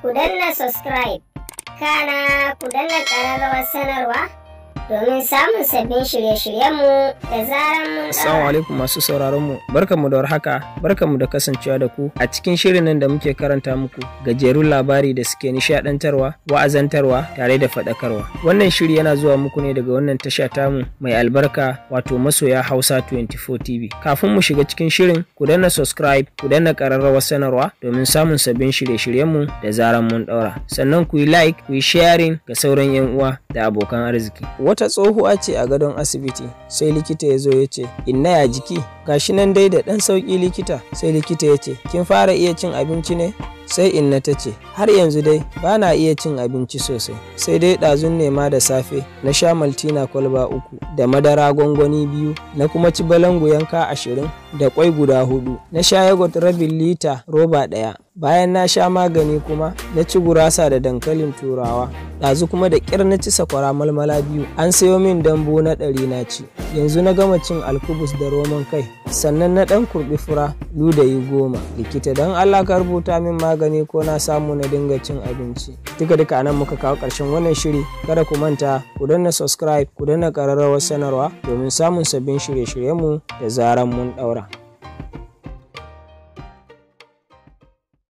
ku danna subscribe kana ku danna ƙararrawar sanarwa domin samun sabbin shirye-shiryenmu da zaran mun Assalamu alaikum masu sauraron mu. Barkanmu da warhaka, barkanmu da kasancewa da ku a cikin shirin nan da muke karanta muku gajerun labari da suke nishaɗantarwa wa'azantarwa tare da faɗakarwa. Wannan shiri yana zuwa muku ne daga wannan tasha tamu mai albarka wato masoya Hausa 24 TV. Kafin mu shiga cikin shirin, ku danna subscribe, ku danna ƙararrawar sanarwa domin samun sabbin shirye-shiryenmu da zaran mun ɗaura. Sannan ku yi like, ku yi sharing ga sauran 'yan uwa da abokan arziki. Wata tsohuwa ce a gadon asibiti sai likita ya zo ya ce inna ya jiki gashi nan dai da ɗan sauƙi likita sai likita ya ce kin fara iya cin abinci ne sai inna ta ce har yanzu dai ba na iya cin abinci sosai sai dai ɗazun nema da safe na sha maltina kwalba uku da madara gwangwani biyu na kuma ci balangu yanka ashirin da kwai guda hudu na sha yagot rabin lita roba ɗaya bayan na sha magani kuma na ci gurasa da dankalin turawa ɗazu kuma da ƙyar na ci sakwara malmala biyu an sayo min dambu na ɗari na ci yanzu na gama cin alkubus da roman kai sannan na ɗan kurɓi fura ludayi goma likita don allah ka rubuta min magani ko na samu na dinga cin abinci duka duka anan muka kawo ƙarshen wannan shiri kada ku manta ku danna subscribe ku danna ƙararrawar sanarwa domin samun sabbin shirye-shiryenmu da zaran mun ɗaura.